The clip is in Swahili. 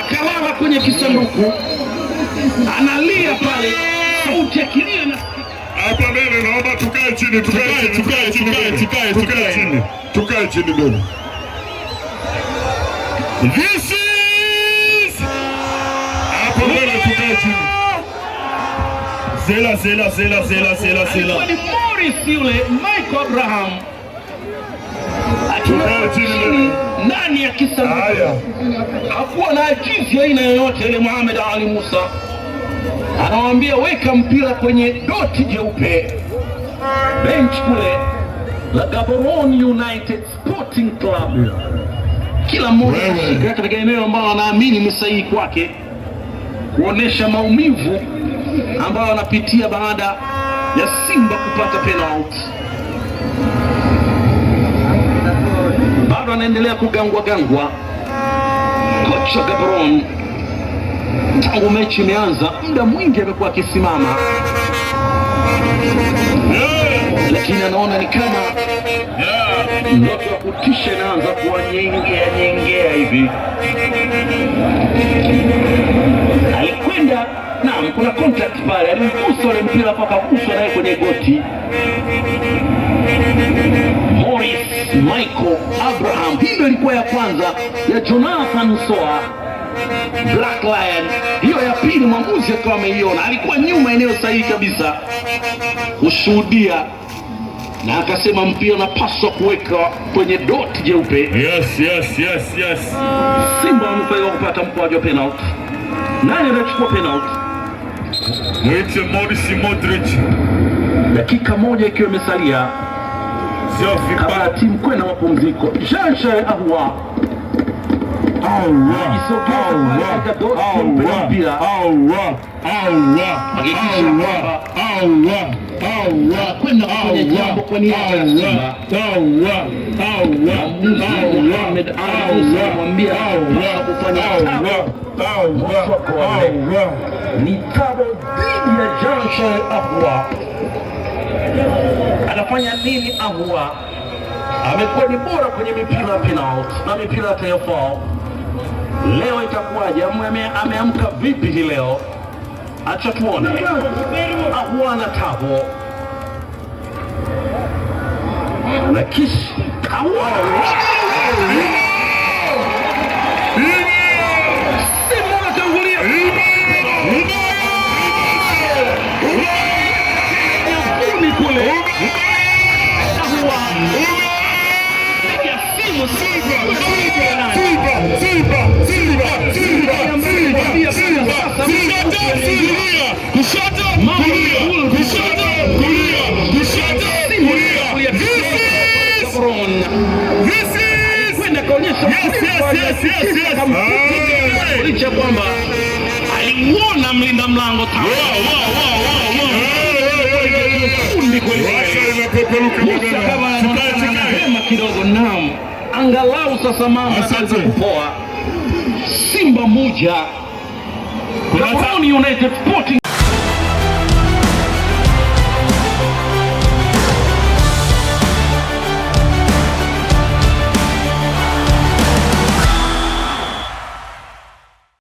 akalala kwenye kisanduku, analia pale, sauti ya kilio na hapa mbele. Naomba tukae chini, tukae tukae tukae tukae tukae chini, tukae chini mbele. This is hapa mbele, tukae chini. Zela zela zela zela zela zela, Morris yule Michael Abraham ndani ya kisa hakuwa na ajizi aina yoyote ile. Muhammad Ali Musa anawaambia weka mpira kwenye doti jeupe bench kule la Gaborone United Sporting Club, kila mmoja anashika katika eneo ambalo anaamini ni sahihi kwake kuonesha maumivu ambayo anapitia baada ya Simba kupata penalti bado anaendelea kugangwa gangwa. Kocha Gabron tangu mechi imeanza, muda mwingi amekuwa akisimama, lakini anaona ni kama ndoto ya kutisha inaanza kuwa nyengea hivi. Alikwenda naam, kuna contact pale, alimgusa ule mpira mpaka kuswa naye kwenye goti. Morris Michael Abraham ilikuwa ya kwanza ya Jonathan Soa Black Lion, hiyo ya pili mwamuzi akawa ameiona, alikuwa nyuma eneo sahihi kabisa kushuhudia na akasema mpira unapaswa kuweka kwenye dot jeupe. Yes, yes, yes, yes. Simba wamefanikiwa kupata mkwaju wa penalti. Nani anachukua penalti? Mwite Modric. Dakika moja ikiwa imesalia kabla timu na mapumziko shansha ahwa kwenda kufanya jambo kwa niaba ya Simba. Mohamed kufanya ni tabo dhidi ya Jean Charles Ahoua anafanya nini? Ahua amekuwa ni bora kwenye mipira ya na mipira ya Leo itakuwaje? Ameamka vipi hii leo? Acha tuone. Ahua na tabo na kish mlangoni kule na huwa kwenda kaonyesha licha kwamba aliuona mlinda mlango tayari tukae hema kidogo nao, angalau sasa mama anaweza kupoa. Simba moja, United Sporting